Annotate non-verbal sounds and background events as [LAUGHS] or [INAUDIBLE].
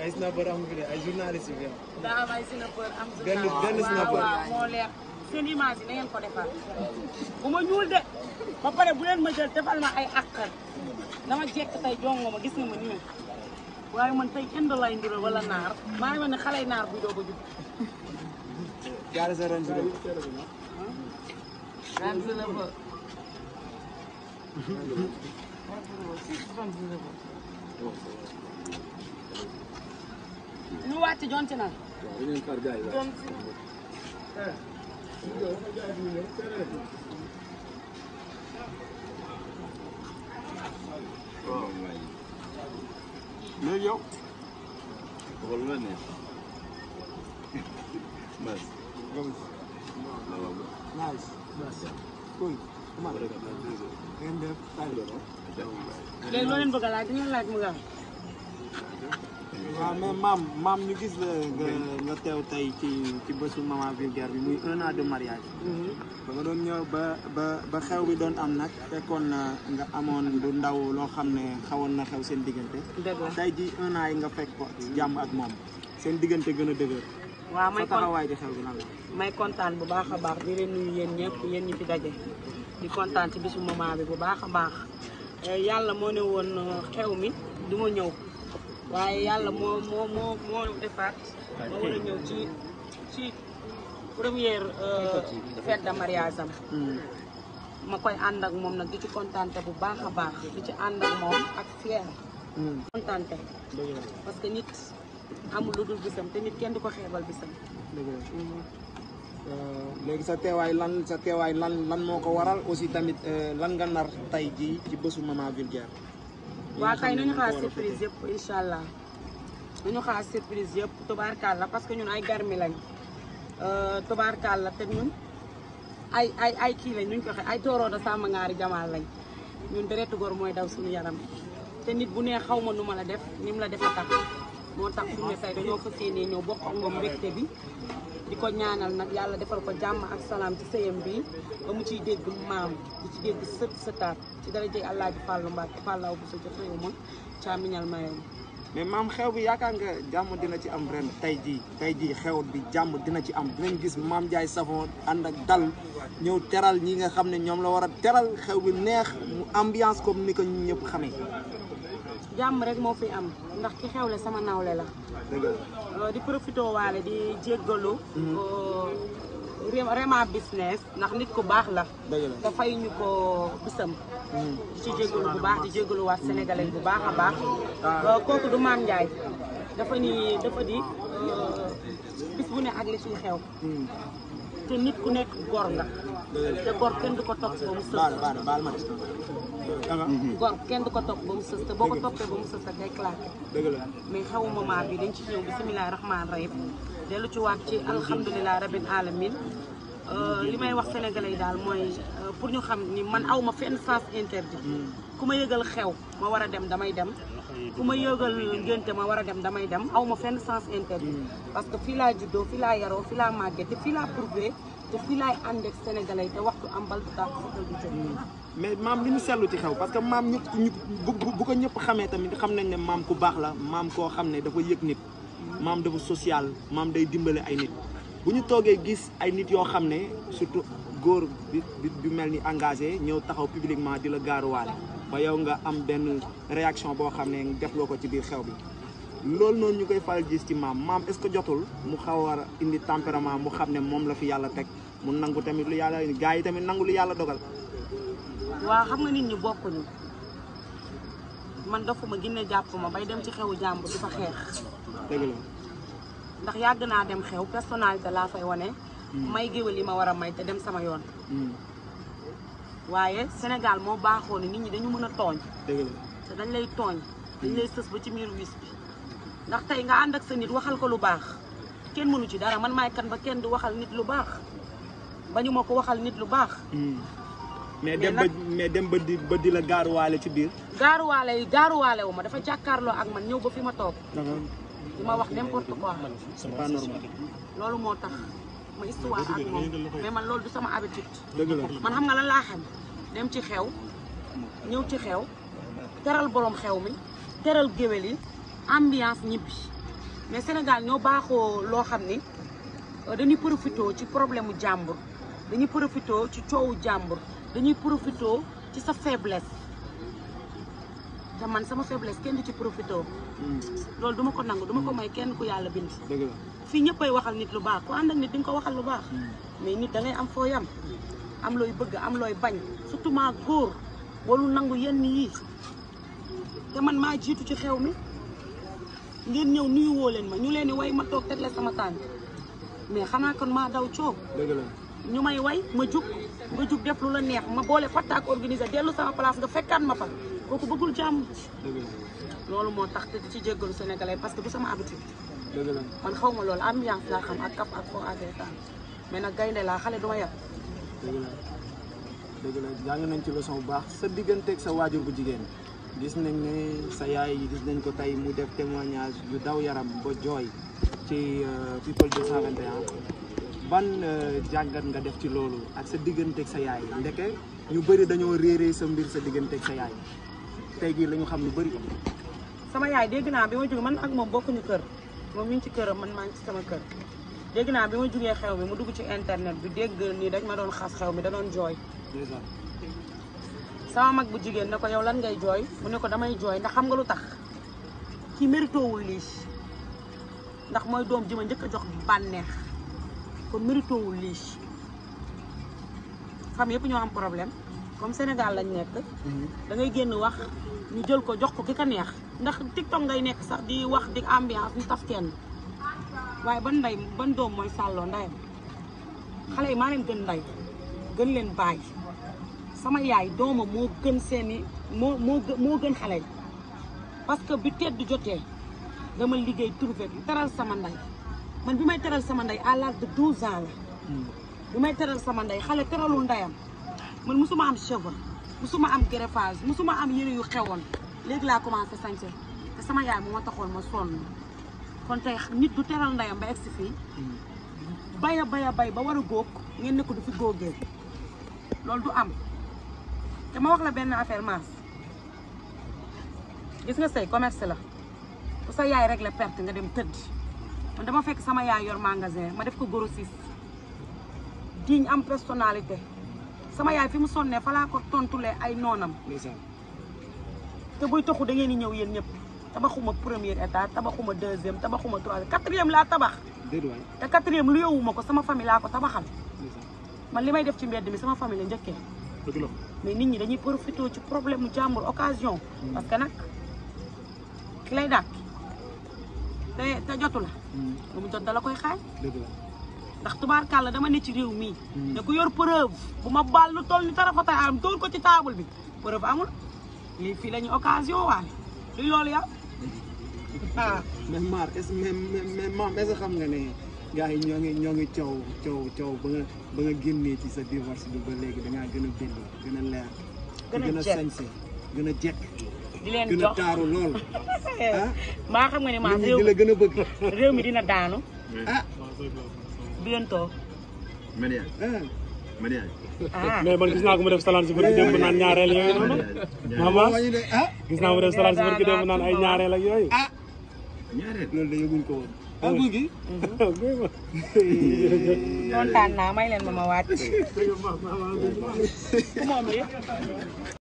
ay snapper am fi de ay journaliste yu fi am. daa am ay snapper am. benn benn snapper waaw moo leer. seen image yi na ngeen ko defar bu ma ñuul de ba pare bu leen ma jël defal ma ay àqal dama jekk tey jongo ma gis nga ma nii waaye man tey indo lay ndural wala naar maa ngi mel ne xale naar buy doog a jub. ba. ren ñu wàcc jonti na léegi yow xool nga ne mas mas koy ma def tay do léegi loo leen bëgg a laaj dañu laaj mu gaaw waaw mais maam maam ñu gis la nga nga teew tey ci ci bésu maman vulgaire bi muy un an de mm-hmm. doon ñëw ba ba ba xew bi doon am nag fekkoon na nga amoon lu ndaw loo xam ne xawoon na xew seen diggante. dëgg la tey jii yi nga fekk ko jàmm ak moom seen diggante gën a dëgër. waaw may taxawaay di xew bi nan la. kontaan bu baax a baax di leen nuyu yéen fi daje. kontaan ci bésu maman bu baax a baax eh, yàlla moo ne woon uh, xew mi du ma ñëw. waaye yàlla moo moo moo moo defaat moo war ñëw ci ci première euh, fête de mariage hmm. ma koy ànd ak moom nag di ci kontante bu baax a baax di ci ànd ak moom ak fier hmm. kontante parce que nit amul lu dul bisam te nit kenn du ko xeebal bisam hmm. euh, léegi sa teewaay lan sa teewaay lan lan moo ko waral aussi tamit euh, lan nga nar tey ji ci bésu maman vulgaire waa tey nañu xaar surprise yëpp incha allah nañu xaar surprise yëpp tubaarkaal la parce que ñun ay garme lañ euh, tubaarkaal la te ñun ay ay ay kii lañ nuñ ko waxee ay tooroo da sàmm ngaari jamaal lañ ñun deretu góor mooy daw suñu yaram te nit bu nee xaw ma nu ma la def ni mu la defe tax moo tax suñu ne tey dañoo fas yéenee ñëw bokk ak moom mbégte bi di ko ñaanal nag yàlla defal ko jàmm ak salaam ci sëyam bi ba mu ciy dégg maam di ci dégg sët sëtaat ci daraje Alaaji Fàllu Mbàkke fàllaw bu sa jot réew ma caamiñal mayam mais maam xew bi yaakaar nga jàmm dina ci am ren tey jii tey jii xew bi jàmm dina ci am dinañ gis maam Ndiaye Savon ànd ak dal ñëw teral ñi nga xam ne ñoom la war a teral xew bi neex mu ambiance comme ni ko ñëpp xamee jàmm rek moo fi am ndax ci ki xewle sama nawle la euh, di profito waale di jéggalu vraiment mhm. euh, business ndax nit ku baax la dafay ñu ko bisam mhm. di ci jéggalu bu baax di jéggalu waat sénégalais bu baax a baax ah. euh, kooku du Mame Ndiaye dafa ni dafa di bis bu ne ak li suñu xew mhm. te nit ku nekk gor nga te gor kenn du ko topp ba mu sës gor kenn du ko topp ba mu sës te boo ko toppee ba mu sës te day claqué mais xewu moment bi dañ ci ñëw bisimilah rahmaan rahim dellu ci waat ci alhamdulilah rabbil alamin euh, li may wax sénégalais yi daal mooy euh, pour ñu xam ni man awma fenn sens interdit mm. ku ma yëgal xew ma war a dem damay dem ku ma yëgal ngénte ma war a dem damay dem aw ma fenn sens interdit parce que fii laa juddoo fii laa yaroo fii laa màggee te fii laa prouvé te fii laay ànd ak sénégalais te waxtu am bal tax mais maam li ñu seetlu ci xew parce que maam ñëpp bu ko ñëpp xamee tamit xam nañ ne maam ku baax la maam koo xam ne dafa yëg nit maam dafa social maam day dimbale ay nit bu ñu toogee gis ay nit yoo xam ne surtout góor bi bi mel ni engagé ñëw taxaw publiquement di la gaaruwaale ba yow nga am benn réaction boo xam ne defloo ko ci biir xew bi loolu noonu ñu koy faral gis ci maam maam est-ce que jotul mu xaw a indi tempérament mu xam ne moom la fi yàlla teg mu nangu tamit lu yàlla gaa yi tamit nangu lu yàlla dogal. waaw xam nga nit ñi bokkuñu man dofuma ginne jàpp ma bay dem ci xewu jàmbur di fa xeex. dëgg la. ndax yàgg naa dem xew personnalité laa fay wane. Hmm. may géwél yi ma war a may te dem sama yoon. Hmm. waaye Sénégal moo baaxoo ne nit ñi dañu mën a tooñ te dañ lay tooñ dañ lay sës ba ci miir wis bi ndax tey nga ànd ak sa nit waxal ko lu baax kenn mënu ci dara man maay kan ba kenn du waxal nit lu baax bañu ma ko waxal nit lu baax hmm. mais dem ba mais dem ba di ba di la gaaruwaale ci biir gaaruwaale yi gaaruwaale wu ma dafa jàkkaarloo ak man ñëw ba fi ma toog di ma wax n'importe quoi c'est pas normal loolu moo tax ma histoire ak moom mais man loolu du sama habitude man xam nga la laa xam dem ci xew ñëw ci xew teral borom xew mi teral géwél yi ambiance ñibbi mais Sénégal ñoo baaxoo loo xam ni euh, dañuy profité ci problème mu jàmbur dañuy profité ci coowu jàmbur dañuy profité ci sa faiblesse te man sama faiblesse kenn di ci profité loolu duma ko nangu duma ko may kenn ku yàlla bind fii ñëppay waxal nit lu baax ku ànd ak nit di ko waxal lu baax hmm. mais nit da am foo yam am looy bëgg am looy bañ surtout maa góor walul nangu yenn yii te man maa jiitu ci xew mi ngeen ñëw nuyu woo leen ma ñu leen ni way ma toog tegle sama tànk mais xanaa kon maa daw coow ñu may way ma jug ma jub def lu la neex ma boole fatta ak organiser dellu sama place nga fekkaat ma fa kooku bëggul jàmm loolu moo tax te di ci jéggalu sénégalais parce que du sama habitude man xaw ma loolu ambiance laa xam ak kaf ak foo ak mais nag gaynde laa xale duma yàpp dëgg la jàng nañ ci leçon bu baax sa digganteeg sa waajur bu jigéen gis nañ ne sa yaay yi gis nañ ko tey mu def témoignage yu daw yaram ba jooy ci euh, People 221 ban euh, jàngat nga def ci loolu ak sa digganteeg sa yaay ndeke ñu bëri dañoo réeree sa mbir sa digganteeg sa yaay tey jii la ñu xam lu bëri. sama yaay dégg naa bi ma jógee man ak moom bokkuñu kër moom mi ci këram man maa sama kër dégg naa bi ma jógee xew bi mu dugg ci internet bi dégg nii dañ ma doon xas xew mi da doon jooy. sama mag bu jigéen ne ko yow lan ngay jooy mu ne ko damay jooy ndax xam nga lu tax kii méritoowul lii ndax mooy doom ji ma njëkk a jox bànneex kon méritoowul lii xam yëpp ñoo am problème comme Sénégal lañ nekk mhm. da ngay génn wax ñu jël ko jox ko ki ka neex ndax tiktok ngay nekk sax di wax di ambiance ñu taf kenn waaye ban nday ban doom mooy sàlloo ndayam xale yi maa leen gën nday gën leen bàyyi sama yaay doomam moo gën seeni moo moo moo gën xale yi parce que bi tedd jotee dama liggéey trouvé teral sama nday man bi may teral sama ndey à l'âge de 12 ans la. bi may teral sama ndey xale teralul ndeyam man musuma am cheveux musuma am greffage musuma am yére yu xewoon léegi laa commencé sañse te sama yaay moo taxoon ma sonn kon tey nit du teral ndeyam ba egsi fii baya baya bay ba war a góog ngeen ne ko du fi góogee loolu du am te ma wax la benn affaire maas gis nga say commerce la bu sa yaay rek la perte nga dem tëdd. man dama fekk sama yaay yor magasin ma def ko grossiste diñ am personnalité sama yaay fi mu sonnee fa laa ko tontulee ay noonam te buy toxu da ngeen di ñëw yéen ñëpp tabaxuma premier étage tabaxuma deuxième tabaxuma troisième quatrième laa tabax te quatrième lu yowuma ko sama famille laa ko tabaxal man li may def ci mbedd mi sama famille la njëkkee mais nit ñi dañuy profité ci problème mu jàmbur occasion hmm. parce que nag ki lay dàq te te jotu lu mm. mu jot dala koy xaaj. dëgg la ndax tubaarkàlla dama ne ci réew mii. Mm. ne ku yor preuve bu ma baal lu toll ni tarafata am dóor ko ci taabul bi preuve amul lii fii la ñu occasion waale luy loolu yow. ah même Mar est ce même maam est ce xam nga ne gars yi ñoo ngi ñoo ngi coow coow coow ba nga ba nga génnee ci sa divorce bi ba léegi dangaa gën a bind gën a leer. gën a jekk gën gën a jekk. di leen jox gën a taaru lool. [LAUGHS] Ah? maa xam nga ne maa réew mi la gën a bëgg. réew mi dina daanu. ah bientôt. mariage mariage. mais man gis naa ko mu def salade si bërki démb naan ñaareel yooyu noonu. maman ah. gis naa mu def salade si bërki démb naan ay ñaareel ak yooyu. ah ñaareel loolu de yëguñ ko woon. ah, ah guy gi. [LAUGHS] kontaan naa may leen ma ma waat. [LAUGHS]